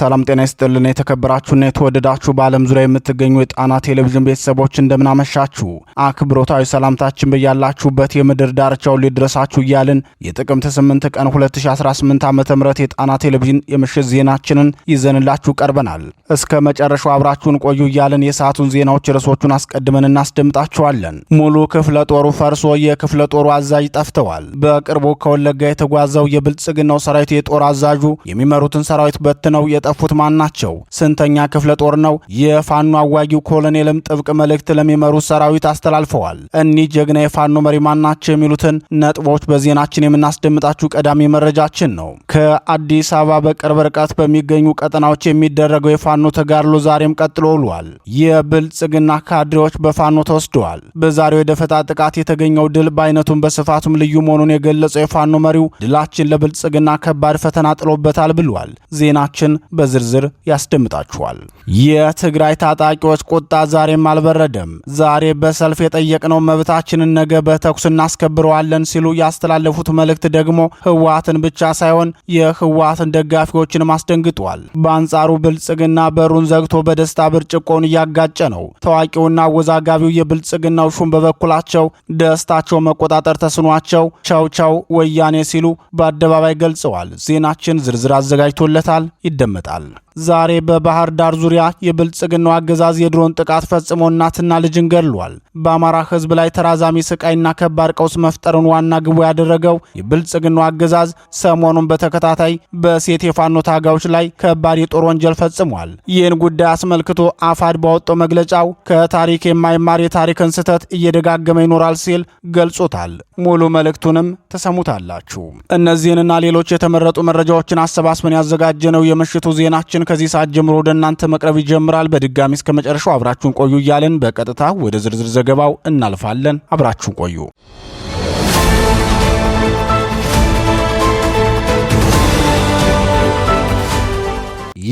ሰላም ጤና ይስጥልን። የተከበራችሁና የተወደዳችሁ በዓለም ዙሪያ የምትገኙ የጣና ቴሌቪዥን ቤተሰቦች እንደምናመሻችሁ፣ አክብሮታዊ ሰላምታችን በያላችሁበት የምድር ዳርቻው ሊድረሳችሁ እያልን የጥቅምት 8 ቀን 2018 ዓ ም የጣና ቴሌቪዥን የምሽት ዜናችንን ይዘንላችሁ ቀርበናል። እስከ መጨረሻው አብራችሁን ቆዩ እያልን የሰዓቱን ዜናዎች ርዕሶቹን አስቀድመን እናስደምጣችኋለን። ሙሉ ክፍለ ጦሩ ፈርሶ የክፍለ ጦሩ አዛዥ ጠፍተዋል። በቅርቡ ከወለጋ የተጓዘው የብልጽግናው ሰራዊት የጦር አዛዡ የሚመሩትን ሰራዊት በትነው ያጠፉት ማን ናቸው? ስንተኛ ክፍለ ጦር ነው? የፋኖ አዋጊው ኮሎኔልም ጥብቅ መልእክት ለሚመሩት ሰራዊት አስተላልፈዋል። እኒህ ጀግና የፋኖ መሪ ማን ናቸው? የሚሉትን ነጥቦች በዜናችን የምናስደምጣችሁ ቀዳሚ መረጃችን ነው። ከአዲስ አበባ በቅርብ ርቀት በሚገኙ ቀጠናዎች የሚደረገው የፋኖ ተጋድሎ ዛሬም ቀጥሎ ውሏል። የብልጽግና ካድሬዎች በፋኖ ተወስደዋል። በዛሬው የደፈጣ ጥቃት የተገኘው ድል በአይነቱም በስፋቱም ልዩ መሆኑን የገለጸው የፋኖ መሪው ድላችን ለብልጽግና ከባድ ፈተና ጥሎበታል ብሏል። ዜናችን በዝርዝር ያስደምጣችኋል። የትግራይ ታጣቂዎች ቁጣ ዛሬም አልበረደም። ዛሬ በሰልፍ የጠየቅነው መብታችንን ነገ በተኩስ እናስከብረዋለን ሲሉ ያስተላለፉት መልእክት ደግሞ ህወሓትን ብቻ ሳይሆን የህወሓትን ደጋፊዎችንም አስደንግጧል። በአንጻሩ ብልጽግና በሩን ዘግቶ በደስታ ብርጭቆውን እያጋጨ ነው። ታዋቂውና አወዛጋቢው የብልጽግናው ሹም በበኩላቸው ደስታቸው መቆጣጠር ተስኗቸው ቻው ቻው ወያኔ ሲሉ በአደባባይ ገልጸዋል። ዜናችን ዝርዝር አዘጋጅቶለታል፣ ይደመጣል። al ዛሬ በባህር ዳር ዙሪያ የብልጽግናው አገዛዝ የድሮን ጥቃት ፈጽሞ እናትና ልጅን ገድሏል። በአማራ ሕዝብ ላይ ተራዛሚ ስቃይና ከባድ ቀውስ መፍጠርን ዋና ግቡ ያደረገው የብልጽግናው አገዛዝ ሰሞኑን በተከታታይ በሴት የፋኖ ታጋዮች ላይ ከባድ የጦር ወንጀል ፈጽሟል። ይህን ጉዳይ አስመልክቶ አፋድ ባወጣው መግለጫው ከታሪክ የማይማር የታሪክን ስህተት እየደጋገመ ይኖራል ሲል ገልጾታል። ሙሉ መልእክቱንም ተሰሙታላችሁ። እነዚህንና ሌሎች የተመረጡ መረጃዎችን አሰባስበን ያዘጋጀነው የምሽቱ ዜናችን ከዚህ ሰዓት ጀምሮ ወደ እናንተ መቅረብ ይጀምራል። በድጋሚ እስከ መጨረሻው አብራችሁን ቆዩ እያለን በቀጥታ ወደ ዝርዝር ዘገባው እናልፋለን። አብራችሁን ቆዩ።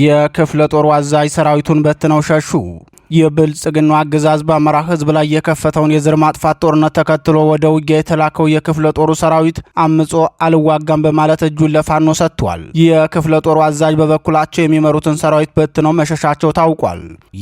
የክፍለ ጦሩ አዛዥ ሰራዊቱን በትነው ሸሹ። የብልጽግናው አገዛዝ በአማራ ህዝብ ላይ የከፈተውን የዘር ማጥፋት ጦርነት ተከትሎ ወደ ውጊያ የተላከው የክፍለ ጦሩ ሰራዊት አምጾ አልዋጋም በማለት እጁን ለፋኖ ሰጥቷል። የክፍለ ጦሩ አዛዥ በበኩላቸው የሚመሩትን ሰራዊት በትነው መሸሻቸው ታውቋል።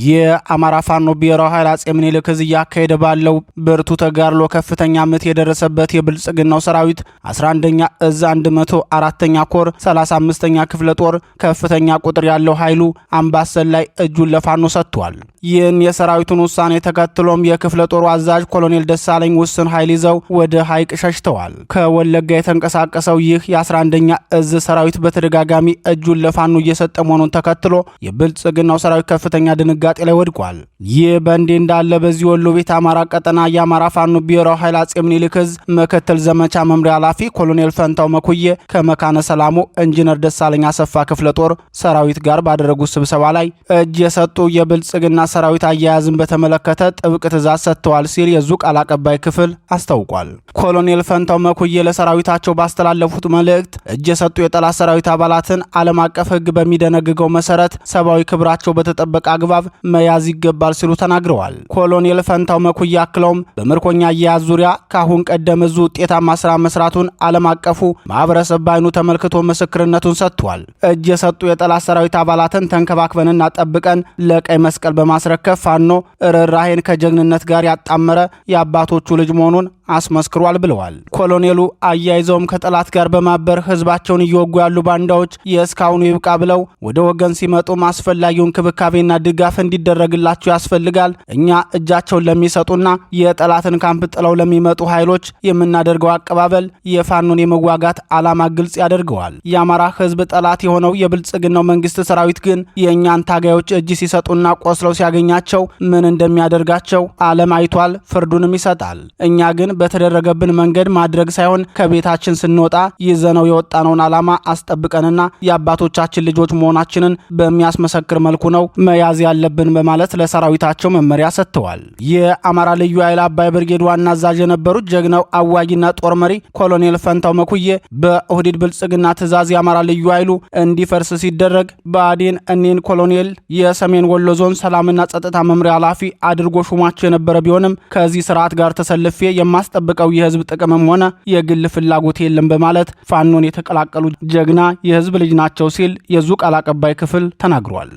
የአማራ ፋኖ ብሔራዊ ኃይል አጼ ምኒልክ እያካሄደ ባለው ብርቱ ተጋድሎ ከፍተኛ ምት የደረሰበት የብልጽግናው ሰራዊት 11ኛ እዝ 104ኛ ኮር 35ኛ ክፍለ ጦር ከፍተኛ ቁጥር ያለው ኃይሉ አምባሰል ላይ እጁን ለፋኖ ሰጥቷል። ይህን የሰራዊቱን ውሳኔ ተከትሎም የክፍለ ጦሩ አዛዥ ኮሎኔል ደሳለኝ ውስን ኃይል ይዘው ወደ ሐይቅ ሸሽተዋል። ከወለጋ የተንቀሳቀሰው ይህ የ11ኛ እዝ ሰራዊት በተደጋጋሚ እጁን ለፋኖ እየሰጠ መሆኑን ተከትሎ የብልጽግናው ሰራዊት ከፍተኛ ድንጋጤ ላይ ወድቋል። ይህ በእንዲህ እንዳለ በዚህ ወሎ ቤት አማራ ቀጠና የአማራ ፋኖ ብሔራዊ ኃይል አጼ ምኒልክ እዝ ምክትል ዘመቻ መምሪያ ኃላፊ ኮሎኔል ፈንታው መኩዬ ከመካነ ሰላሙ ኢንጂነር ደሳለኝ አሰፋ ክፍለ ጦር ሰራዊት ጋር ባደረጉት ስብሰባ ላይ እጅ የሰጡ የብልጽግና ሰራዊት አያያዝን በተመለከተ ጥብቅ ትእዛዝ ሰጥተዋል ሲል የዙ ቃል አቀባይ ክፍል አስታውቋል። ኮሎኔል ፈንታው መኩዬ ለሰራዊታቸው ባስተላለፉት መልእክት እጅ የሰጡ የጠላት ሰራዊት አባላትን ዓለም አቀፍ ሕግ በሚደነግገው መሰረት ሰብአዊ ክብራቸው በተጠበቀ አግባብ መያዝ ይገባል ሲሉ ተናግረዋል። ኮሎኔል ፈንታው መኩዬ አክለውም በምርኮኛ አያያዝ ዙሪያ ከአሁን ቀደም እዙ ውጤታማ ስራ መስራቱን ዓለም አቀፉ ማህበረሰብ በዓይኑ ተመልክቶ ምስክርነቱን ሰጥቷል። እጅ የሰጡ የጠላት ሰራዊት አባላትን ተንከባክበንና ጠብቀን ለቀይ መስቀል በማስረ በማስረከብ ፋኖ ርኅራሄን ከጀግንነት ጋር ያጣመረ የአባቶቹ ልጅ መሆኑን አስመስክሯል ብለዋል። ኮሎኔሉ አያይዘውም ከጠላት ጋር በማበር ህዝባቸውን እየወጉ ያሉ ባንዳዎች የእስካሁኑ ይብቃ ብለው ወደ ወገን ሲመጡም አስፈላጊውን እንክብካቤና ድጋፍ እንዲደረግላቸው ያስፈልጋል። እኛ እጃቸውን ለሚሰጡና የጠላትን ካምፕ ጥለው ለሚመጡ ኃይሎች የምናደርገው አቀባበል የፋኖን የመዋጋት ዓላማ ግልጽ ያደርገዋል። የአማራ ህዝብ ጠላት የሆነው የብልጽግናው መንግስት ሰራዊት ግን የእኛን ታጋዮች እጅ ሲሰጡና ቆስለው ሲያገኙ ቢያገኛቸው ምን እንደሚያደርጋቸው ዓለም አይቷል፣ ፍርዱንም ይሰጣል። እኛ ግን በተደረገብን መንገድ ማድረግ ሳይሆን ከቤታችን ስንወጣ ይዘነው የወጣነውን ዓላማ አስጠብቀንና የአባቶቻችን ልጆች መሆናችንን በሚያስመሰክር መልኩ ነው መያዝ ያለብን በማለት ለሰራዊታቸው መመሪያ ሰጥተዋል። የአማራ ልዩ ኃይል አባይ ብርጌድ ዋና አዛዥ የነበሩት ጀግናው አዋጊና ጦር መሪ ኮሎኔል ፈንታው መኩዬ በኦህዴድ ብልጽግና ትዕዛዝ የአማራ ልዩ ኃይሉ እንዲፈርስ ሲደረግ ብአዴን እኔን ኮሎኔል የሰሜን ወሎ ዞን ሰላምና ጸጥታ መምሪያ ኃላፊ አድርጎ ሹማቸው የነበረ ቢሆንም ከዚህ ስርዓት ጋር ተሰልፌ የማስጠብቀው የህዝብ ጥቅምም ሆነ የግል ፍላጎት የለም በማለት ፋኖን የተቀላቀሉ ጀግና የህዝብ ልጅ ናቸው ሲል የዙ ቃል አቀባይ ክፍል ተናግሯል።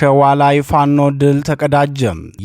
ሸዋ ላይ ፋኖ ድል ተቀዳጀ።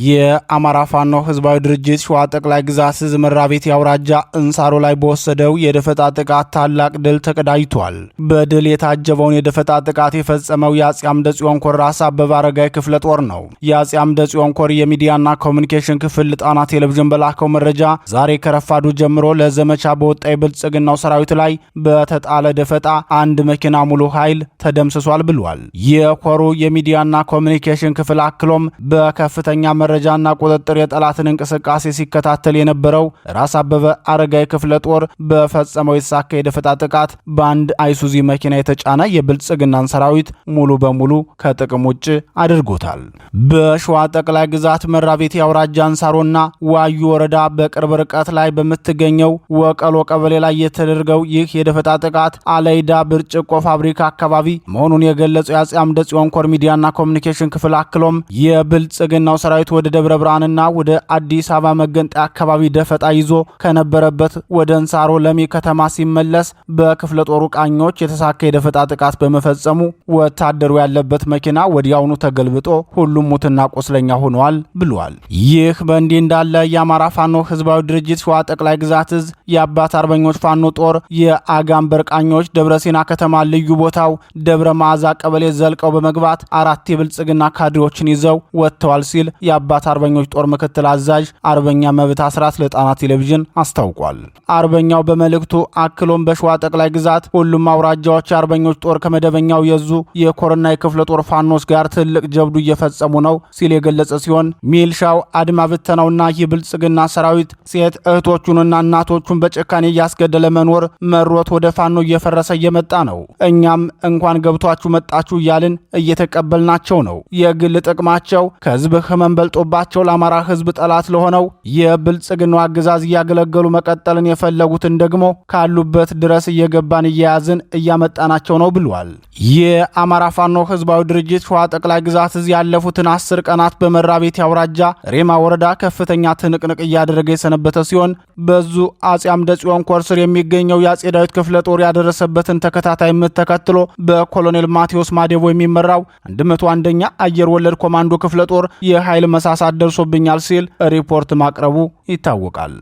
የአማራ ፋኖ ህዝባዊ ድርጅት ሸዋ ጠቅላይ ግዛት ዕዝ መራቤት የአውራጃ እንሳሮ ላይ በወሰደው የደፈጣ ጥቃት ታላቅ ድል ተቀዳጅቷል። በድል የታጀበውን የደፈጣ ጥቃት የፈጸመው የአጼ አምደ ጽዮን ኮር ራስ አበበ አረጋይ ክፍለ ጦር ነው። የአጼ አምደ ጽዮን ኮር የሚዲያና ኮሚኒኬሽን ክፍል ጣና ቴሌቪዥን በላከው መረጃ ዛሬ ከረፋዱ ጀምሮ ለዘመቻ በወጣ የብልጽግናው ሰራዊት ላይ በተጣለ ደፈጣ አንድ መኪና ሙሉ ኃይል ተደምስሷል ብሏል። የኮሩ የሚዲያና ኮሚኒኬሽን ክፍል አክሎም በከፍተኛ መረጃና ቁጥጥር የጠላትን እንቅስቃሴ ሲከታተል የነበረው ራስ አበበ አረጋይ ክፍለ ጦር በፈጸመው የተሳካ የደፈጣ ጥቃት በአንድ አይሱዚ መኪና የተጫነ የብልጽግናን ሰራዊት ሙሉ በሙሉ ከጥቅም ውጭ አድርጎታል። በሸዋ ጠቅላይ ግዛት መራቤቴ አውራጃ አንሳሮና ዋዩ ወረዳ በቅርብ ርቀት ላይ በምትገኘው ወቀሎ ቀበሌ ላይ የተደረገው ይህ የደፈጣ ጥቃት አለይዳ ብርጭቆ ፋብሪካ አካባቢ መሆኑን የገለጸው የአጼ አምደ ጽዮን ኮር ሚዲያና ኮሚኒኬሽን የኮሚኒኬሽን ክፍል አክሎም የብልጽግናው ሰራዊት ወደ ደብረ ብርሃንና ወደ አዲስ አበባ መገንጠያ አካባቢ ደፈጣ ይዞ ከነበረበት ወደ እንሳሮ ለሚ ከተማ ሲመለስ በክፍለ ጦሩ ቃኞች የተሳካ የደፈጣ ጥቃት በመፈጸሙ ወታደሩ ያለበት መኪና ወዲያውኑ ተገልብጦ ሁሉም ሙትና ቆስለኛ ሆኗል ብሏል። ይህ በእንዲህ እንዳለ የአማራ ፋኖ ህዝባዊ ድርጅት ሸዋ ጠቅላይ ግዛት እዝ የአባት አርበኞች ፋኖ ጦር የአጋምበር ቃኞች ደብረ ሲና ከተማ ልዩ ቦታው ደብረ መዓዛ ቀበሌ ዘልቀው በመግባት አራት የብልጽ የብልጽግና ካድሬዎችን ይዘው ወጥተዋል ሲል የአባት አርበኞች ጦር ምክትል አዛዥ አርበኛ መብት አስራት ለጣና ቴሌቪዥን አስታውቋል። አርበኛው በመልእክቱ አክሎም በሸዋ ጠቅላይ ግዛት ሁሉም አውራጃዎች የአርበኞች ጦር ከመደበኛው የዙ የኮርና የክፍለ ጦር ፋኖስ ጋር ትልቅ ጀብዱ እየፈጸሙ ነው ሲል የገለጸ ሲሆን ሚልሻው አድማ ብተናውና ይህ ብልጽግና ሰራዊት ሴት እህቶቹንና እናቶቹን በጭካኔ እያስገደለ መኖር መሮት ወደ ፋኖ እየፈረሰ እየመጣ ነው። እኛም እንኳን ገብቷችሁ መጣችሁ እያልን እየተቀበልናቸው ነው። ነው። የግል ጥቅማቸው ከህዝብ ህመም በልጦባቸው ለአማራ ህዝብ ጠላት ለሆነው የብልጽግናው አገዛዝ እያገለገሉ መቀጠልን የፈለጉትን ደግሞ ካሉበት ድረስ እየገባን እየያዝን እያመጣናቸው ነው ብሏል። የአማራ ፋኖ ህዝባዊ ድርጅት ሸዋ ጠቅላይ ግዛት እዝ ያለፉትን አስር ቀናት በመራ አውራጃ ሬማ ወረዳ ከፍተኛ ትንቅንቅ እያደረገ የሰነበተ ሲሆን በዙ አጼ አምደ ጽዮን ኮር ስር የሚገኘው የአጼ ዳዊት ክፍለ ጦር ያደረሰበትን ተከታታይ ምት ተከትሎ በኮሎኔል ማቴዎስ ማዴቦ የሚመራው 101 አስረኛ አየር ወለድ ኮማንዶ ክፍለ ጦር የኃይል መሳሳት ደርሶብኛል ሲል ሪፖርት ማቅረቡ ይታወቃል።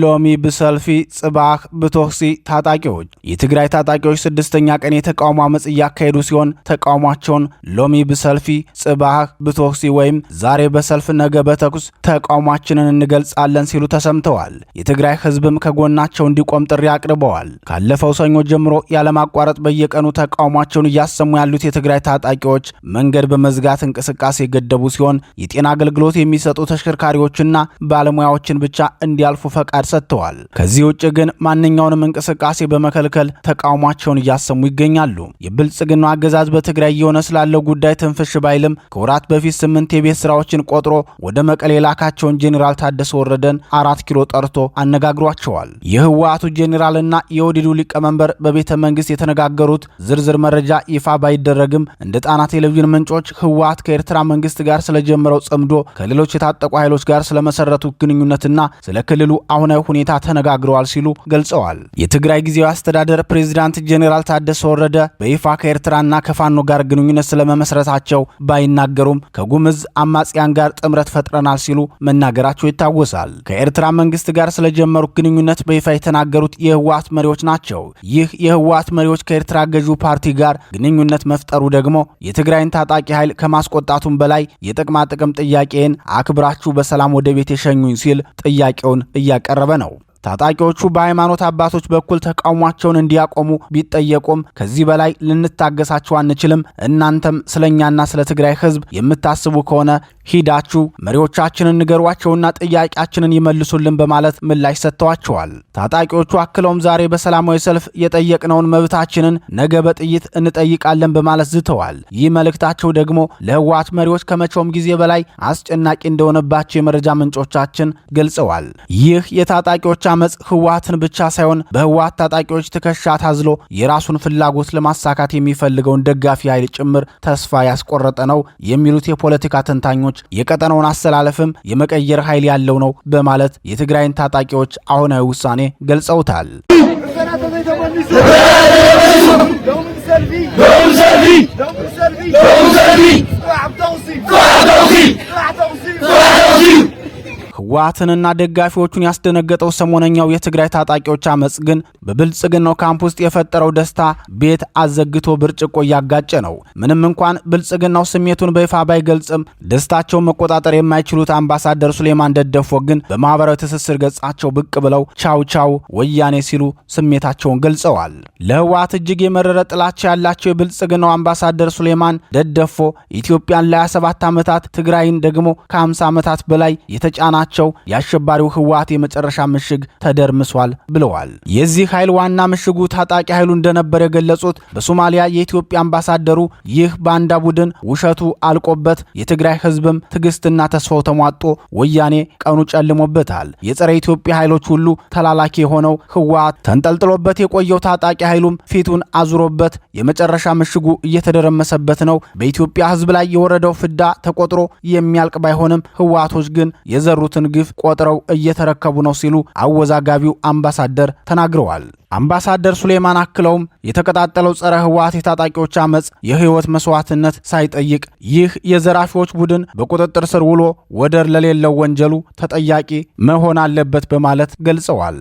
ሎሚ ብሰልፊ ጽባህ ብቶክሲ ታጣቂዎች የትግራይ ታጣቂዎች ስድስተኛ ቀን የተቃውሞ አመፅ እያካሄዱ ሲሆን ተቃውሟቸውን ሎሚ ብሰልፊ ጽባህ ብቶክሲ ወይም ዛሬ በሰልፍ ነገ በተኩስ ተቃውሟችንን እንገልጻለን ሲሉ ተሰምተዋል። የትግራይ ህዝብም ከጎናቸው እንዲቆም ጥሪ አቅርበዋል። ካለፈው ሰኞ ጀምሮ ያለማቋረጥ በየቀኑ ተቃውሟቸውን እያሰሙ ያሉት የትግራይ ታጣቂዎች መንገድ በመዝጋት እንቅስቃሴ የገደቡ ሲሆን የጤና አገልግሎት የሚሰጡ ተሽከርካሪዎችና ባለሙያዎችን ብቻ እንዲያልፉ ፈቃድ ፈቃድ ሰጥተዋል። ከዚህ ውጭ ግን ማንኛውንም እንቅስቃሴ በመከልከል ተቃውሟቸውን እያሰሙ ይገኛሉ። የብልጽግና አገዛዝ በትግራይ እየሆነ ስላለው ጉዳይ ትንፍሽ ባይልም ከወራት በፊት ስምንት የቤት ስራዎችን ቆጥሮ ወደ መቀሌ የላካቸውን ጄኔራል ታደሰ ወረደን አራት ኪሎ ጠርቶ አነጋግሯቸዋል። የህወሓቱ ጄኔራልና የወዲዱ ሊቀመንበር በቤተ መንግስት የተነጋገሩት ዝርዝር መረጃ ይፋ ባይደረግም እንደ ጣና ቴሌቪዥን ምንጮች ህወሓት ከኤርትራ መንግስት ጋር ስለጀመረው ጽምዶ ከሌሎች የታጠቁ ኃይሎች ጋር ስለመሰረቱ ግንኙነትና ስለ ክልሉ አሁን በሆነ ሁኔታ ተነጋግረዋል ሲሉ ገልጸዋል። የትግራይ ጊዜያዊ አስተዳደር ፕሬዚዳንት ጄኔራል ታደሰ ወረደ በይፋ ከኤርትራና ከፋኖ ጋር ግንኙነት ስለመመስረታቸው ባይናገሩም ከጉምዝ አማጽያን ጋር ጥምረት ፈጥረናል ሲሉ መናገራቸው ይታወሳል። ከኤርትራ መንግስት ጋር ስለጀመሩት ግንኙነት በይፋ የተናገሩት የህወሀት መሪዎች ናቸው። ይህ የህወሀት መሪዎች ከኤርትራ ገዢው ፓርቲ ጋር ግንኙነት መፍጠሩ ደግሞ የትግራይን ታጣቂ ኃይል ከማስቆጣቱም በላይ የጥቅማ ጥቅም ጥያቄን አክብራችሁ በሰላም ወደ ቤት የሸኙኝ ሲል ጥያቄውን እያቀረ እየቀረበ ነው። ታጣቂዎቹ በሃይማኖት አባቶች በኩል ተቃውሟቸውን እንዲያቆሙ ቢጠየቁም ከዚህ በላይ ልንታገሳችሁ አንችልም፣ እናንተም ስለኛና ስለ ትግራይ ህዝብ የምታስቡ ከሆነ ሂዳችሁ መሪዎቻችንን ንገሯቸውና ጥያቄያችንን ይመልሱልን በማለት ምላሽ ሰጥተዋቸዋል። ታጣቂዎቹ አክለውም ዛሬ በሰላማዊ ሰልፍ የጠየቅነውን መብታችንን ነገ በጥይት እንጠይቃለን በማለት ዝተዋል። ይህ መልእክታቸው ደግሞ ለህወሓት መሪዎች ከመቼውም ጊዜ በላይ አስጨናቂ እንደሆነባቸው የመረጃ ምንጮቻችን ገልጸዋል። ይህ የታጣቂዎች አመፅ ህወሓትን ብቻ ሳይሆን በህወሓት ታጣቂዎች ትከሻ ታዝሎ የራሱን ፍላጎት ለማሳካት የሚፈልገውን ደጋፊ ኃይል ጭምር ተስፋ ያስቆረጠ ነው የሚሉት የፖለቲካ ተንታኞች የቀጠናውን አሰላለፍም የመቀየር ኃይል ያለው ነው በማለት የትግራይን ታጣቂዎች አሁናዊ ውሳኔ ገልጸውታል። ህወሓትንና ደጋፊዎቹን ያስደነገጠው ሰሞነኛው የትግራይ ታጣቂዎች አመፅ ግን በብልጽግናው ካምፕ ውስጥ የፈጠረው ደስታ ቤት አዘግቶ ብርጭቆ እያጋጨ ነው። ምንም እንኳን ብልጽግናው ስሜቱን በይፋ ባይገልጽም ደስታቸውን መቆጣጠር የማይችሉት አምባሳደር ሱሌማን ደደፎ ግን በማህበራዊ ትስስር ገጻቸው ብቅ ብለው ቻው ቻው ወያኔ ሲሉ ስሜታቸውን ገልጸዋል። ለህወሓት እጅግ የመረረ ጥላቻ ያላቸው የብልጽግናው አምባሳደር ሱሌማን ደደፎ ኢትዮጵያን ለ27 ዓመታት ትግራይን ደግሞ ከ50 ዓመታት በላይ የተጫናቸው በመሆናቸው የአሸባሪው ህወሓት የመጨረሻ ምሽግ ተደርምሷል ብለዋል። የዚህ ኃይል ዋና ምሽጉ ታጣቂ ኃይሉ እንደነበር የገለጹት በሶማሊያ የኢትዮጵያ አምባሳደሩ ይህ ባንዳ ቡድን ውሸቱ አልቆበት የትግራይ ህዝብም ትዕግስትና ተስፋው ተሟጦ ወያኔ ቀኑ ጨልሞበታል። የጸረ ኢትዮጵያ ኃይሎች ሁሉ ተላላኪ የሆነው ህወሓት ተንጠልጥሎበት የቆየው ታጣቂ ኃይሉም ፊቱን አዙሮበት የመጨረሻ ምሽጉ እየተደረመሰበት ነው። በኢትዮጵያ ህዝብ ላይ የወረደው ፍዳ ተቆጥሮ የሚያልቅ ባይሆንም ህወሓቶች ግን የዘሩትን የፈጸሙትን ግፍ ቆጥረው እየተረከቡ ነው ሲሉ አወዛጋቢው አምባሳደር ተናግረዋል። አምባሳደር ሱሌማን አክለውም የተቀጣጠለው ጸረ ህወሓት የታጣቂዎች አመፅ የህይወት መስዋዕትነት ሳይጠይቅ ይህ የዘራፊዎች ቡድን በቁጥጥር ስር ውሎ ወደር ለሌለው ወንጀሉ ተጠያቂ መሆን አለበት በማለት ገልጸዋል።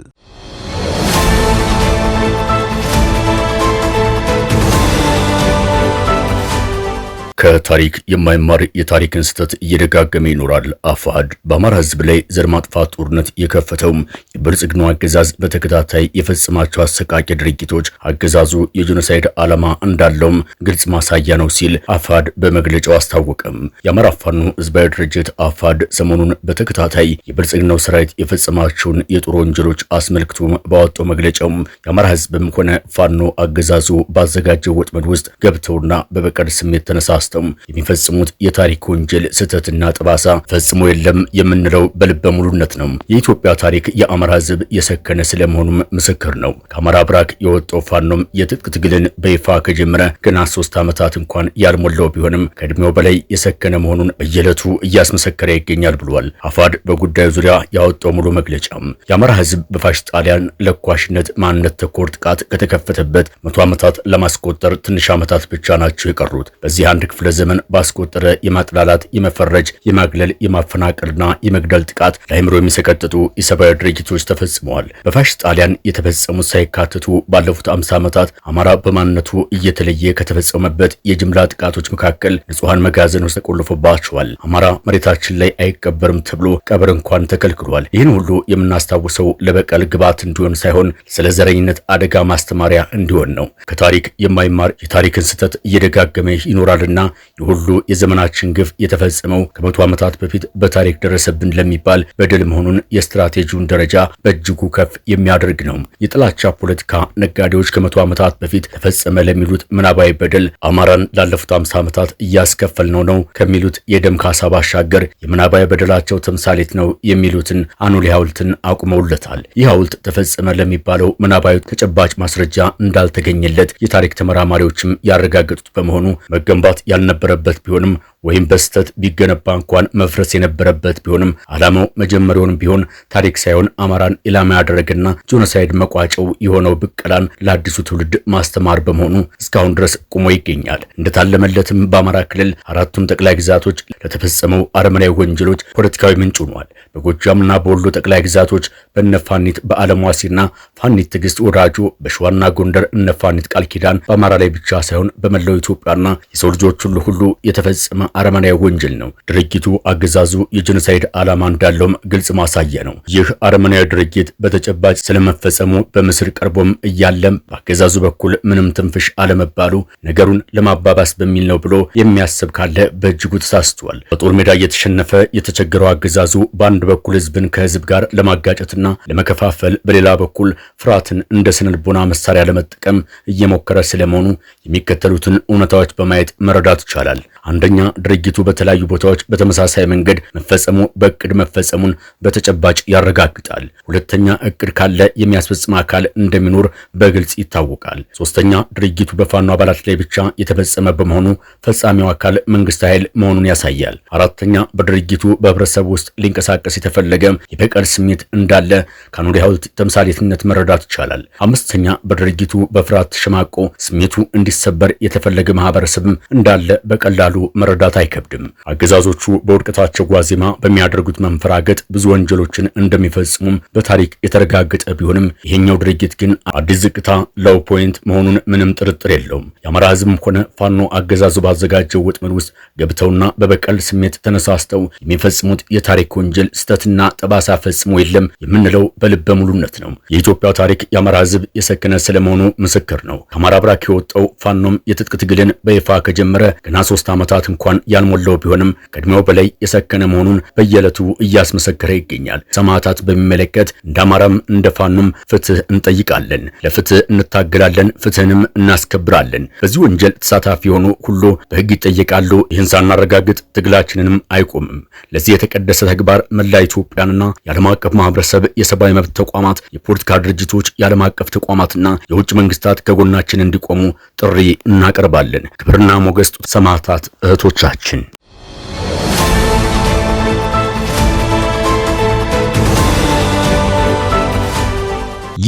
ከታሪክ የማይማር የታሪክን ስህተት እየደጋገመ ይኖራል። አፋሕድ በአማራ ህዝብ ላይ ዘር ማጥፋት ጦርነት የከፈተውም የብልጽግናው አገዛዝ በተከታታይ የፈጸማቸው አሰቃቂ ድርጊቶች አገዛዙ የጄኖሳይድ ዓላማ እንዳለውም ግልጽ ማሳያ ነው ሲል አፋሕድ በመግለጫው አስታወቀም። የአማራ ፋኖ ህዝባዊ ድርጅት አፋሕድ ሰሞኑን በተከታታይ የብልጽግናው ሰራዊት የፈጸማቸውን የጦር ወንጀሎች አስመልክቶ ባወጣው መግለጫው የአማራ ህዝብም ሆነ ፋኖ አገዛዙ ባዘጋጀው ወጥመድ ውስጥ ገብተውና በበቀል ስሜት ተነሳስ ተነስተው የሚፈጽሙት የታሪክ ወንጀል ስህተትና ጥባሳ ፈጽሞ የለም የምንለው በልበ ሙሉነት ነው። የኢትዮጵያ ታሪክ የአማራ ህዝብ የሰከነ ስለመሆኑም ምስክር ነው። ከአማራ ብራክ የወጣው ፋኖም የትጥቅ ትግልን በይፋ ከጀመረ ገና ሶስት ዓመታት እንኳን ያልሞላው ቢሆንም ከእድሜው በላይ የሰከነ መሆኑን በየዕለቱ እያስመሰከረ ይገኛል ብሏል። አፋድ በጉዳዩ ዙሪያ ያወጣው ሙሉ መግለጫ የአማራ ህዝብ በፋሽ ጣሊያን ለኳሽነት ማንነት ተኮር ጥቃት ከተከፈተበት መቶ ዓመታት ለማስቆጠር ትንሽ ዓመታት ብቻ ናቸው የቀሩት። በዚህ አንድ ክፍለ ዘመን ባስቆጠረ የማጥላላት፣ የመፈረጅ፣ የማግለል፣ የማፈናቀልና የመግደል ጥቃት ለአይምሮ የሚሰቀጥጡ የሰብአዊ ድርጊቶች ተፈጽመዋል። በፋሽስት ጣሊያን የተፈጸሙት ሳይካተቱ ባለፉት አምሳ ዓመታት አማራ በማንነቱ እየተለየ ከተፈጸመበት የጅምላ ጥቃቶች መካከል ንጹሐን መጋዘን ውስጥ ተቆልፎባቸዋል። አማራ መሬታችን ላይ አይቀበርም ተብሎ ቀብር እንኳን ተከልክሏል። ይህን ሁሉ የምናስታውሰው ለበቀል ግብዓት እንዲሆን ሳይሆን ስለ ዘረኝነት አደጋ ማስተማሪያ እንዲሆን ነው። ከታሪክ የማይማር የታሪክን ስህተት እየደጋገመ ይኖራልና የሁሉ የዘመናችን ግፍ የተፈጸመው ከመቶ ዓመታት በፊት በታሪክ ደረሰብን ለሚባል በደል መሆኑን የስትራቴጂውን ደረጃ በእጅጉ ከፍ የሚያደርግ ነው። የጥላቻ ፖለቲካ ነጋዴዎች ከመቶ ዓመታት በፊት ተፈጸመ ለሚሉት ምናባዊ በደል አማራን ላለፉት አምሳ ዓመታት እያስከፈልነው ነው ከሚሉት የደም ካሳ ባሻገር የምናባዊ በደላቸው ተምሳሌት ነው የሚሉትን አኑሌ ሐውልትን አቁመውለታል። ይህ ሐውልት ተፈጸመ ለሚባለው ምናባዊ ተጨባጭ ማስረጃ እንዳልተገኘለት የታሪክ ተመራማሪዎችም ያረጋገጡት በመሆኑ መገንባት ያልነበረበት ቢሆንም ወይም በስተት ቢገነባ እንኳን መፍረስ የነበረበት ቢሆንም ዓላማው መጀመሪያውን ቢሆን ታሪክ ሳይሆን አማራን ኢላማ ያደረገና ጆኖሳይድ መቋጨው የሆነው ብቀላን ለአዲሱ ትውልድ ማስተማር በመሆኑ እስካሁን ድረስ ቁሞ ይገኛል። እንደታለመለትም በአማራ ክልል አራቱም ጠቅላይ ግዛቶች ለተፈጸመው አረመናዊ ወንጀሎች ፖለቲካዊ ምንጭ ሆኗል። በጎጃምና በወሎ ጠቅላይ ግዛቶች በነፋኒት ፋኒት በዓለም ዋሴና ፋኒት ትዕግስት ወዳጆ፣ በሸዋና ጎንደር እነ ፋኒት ቃል ኪዳን በአማራ ላይ ብቻ ሳይሆን በመላው ኢትዮጵያና የሰው ልጆቹ ሁሉ ሁሉ የተፈጸመ አረመናዊ ወንጀል ነው። ድርጊቱ አገዛዙ የጀኖሳይድ ዓላማ እንዳለውም ግልጽ ማሳያ ነው። ይህ አረመናዊ ድርጊት በተጨባጭ ስለመፈጸሙ በምስል ቀርቦም እያለም በአገዛዙ በኩል ምንም ትንፍሽ አለመባሉ ነገሩን ለማባባስ በሚል ነው ብሎ የሚያስብ ካለ በእጅጉ ተሳስቷል። በጦር ሜዳ እየተሸነፈ የተቸገረው አገዛዙ በአንድ በኩል ህዝብን ከህዝብ ጋር ለማጋጨትና ለመከፋፈል፣ በሌላ በኩል ፍርሃትን እንደ ስነልቦና መሳሪያ ለመጠቀም እየሞከረ ስለመሆኑ የሚከተሉትን እውነታዎች በማየት መረዳት መረዳት ይቻላል። አንደኛ ድርጊቱ በተለያዩ ቦታዎች በተመሳሳይ መንገድ መፈጸሙ በእቅድ መፈጸሙን በተጨባጭ ያረጋግጣል። ሁለተኛ እቅድ ካለ የሚያስፈጽም አካል እንደሚኖር በግልጽ ይታወቃል። ሶስተኛ ድርጊቱ በፋኖ አባላት ላይ ብቻ የተፈጸመ በመሆኑ ፈጻሚው አካል መንግስት ኃይል መሆኑን ያሳያል። አራተኛ በድርጊቱ በህብረተሰብ ውስጥ ሊንቀሳቀስ የተፈለገ የበቀል ስሜት እንዳለ ከአኑሪ ሐውልት ተምሳሌትነት መረዳት ይቻላል። አምስተኛ በድርጊቱ በፍርሃት ተሸማቆ ስሜቱ እንዲሰበር የተፈለገ ማህበረሰብም እንዳለ እንዳለ በቀላሉ መረዳት አይከብድም። አገዛዞቹ በውድቀታቸው ዋዜማ በሚያደርጉት መንፈራገጥ ብዙ ወንጀሎችን እንደሚፈጽሙም በታሪክ የተረጋገጠ ቢሆንም ይሄኛው ድርጊት ግን አዲስ ዝቅታ ለው ፖይንት መሆኑን ምንም ጥርጥር የለውም። የአማራ ሕዝብም ሆነ ፋኖ አገዛዙ ባዘጋጀው ወጥመድ ውስጥ ገብተውና በበቀል ስሜት ተነሳስተው የሚፈጽሙት የታሪክ ወንጀል ስተትና ጠባሳ ፈጽሞ የለም የምንለው በልበ ሙሉነት ነው። የኢትዮጵያ ታሪክ የአማራ ህዝብ የሰከነ ስለመሆኑ ምስክር ነው። ከአማራ ብራክ የወጣው ፋኖም የትጥቅ ትግልን በይፋ ከጀመረ ገና ሶስት ዓመታት እንኳን ያልሞላው ቢሆንም ከእድሜው በላይ የሰከነ መሆኑን በየዕለቱ እያስመሰከረ ይገኛል። ሰማዕታት በሚመለከት እንደ አማራም እንደ ፋኑም ፍትህ እንጠይቃለን፣ ለፍትህ እንታገላለን፣ ፍትህንም እናስከብራለን። በዚህ ወንጀል ተሳታፊ የሆኑ ሁሉ በህግ ይጠየቃሉ። ይህን ሳናረጋግጥ ትግላችንንም አይቆምም። ለዚህ የተቀደሰ ተግባር መላ ኢትዮጵያንና የዓለም አቀፍ ማህበረሰብ፣ የሰብአዊ መብት ተቋማት፣ የፖለቲካ ድርጅቶች፣ የዓለም አቀፍ ተቋማትና የውጭ መንግስታት ከጎናችን እንዲቆሙ ጥሪ እናቀርባለን። ክብርና ሞገስ ሰማዕታት እህቶቻችን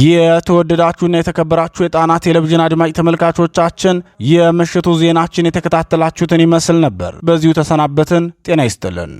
የተወደዳችሁና የተከበራችሁ የጣና ቴሌቪዥን አድማጭ ተመልካቾቻችን የምሽቱ ዜናችን የተከታተላችሁትን ይመስል ነበር። በዚሁ ተሰናበትን። ጤና ይስጥልን።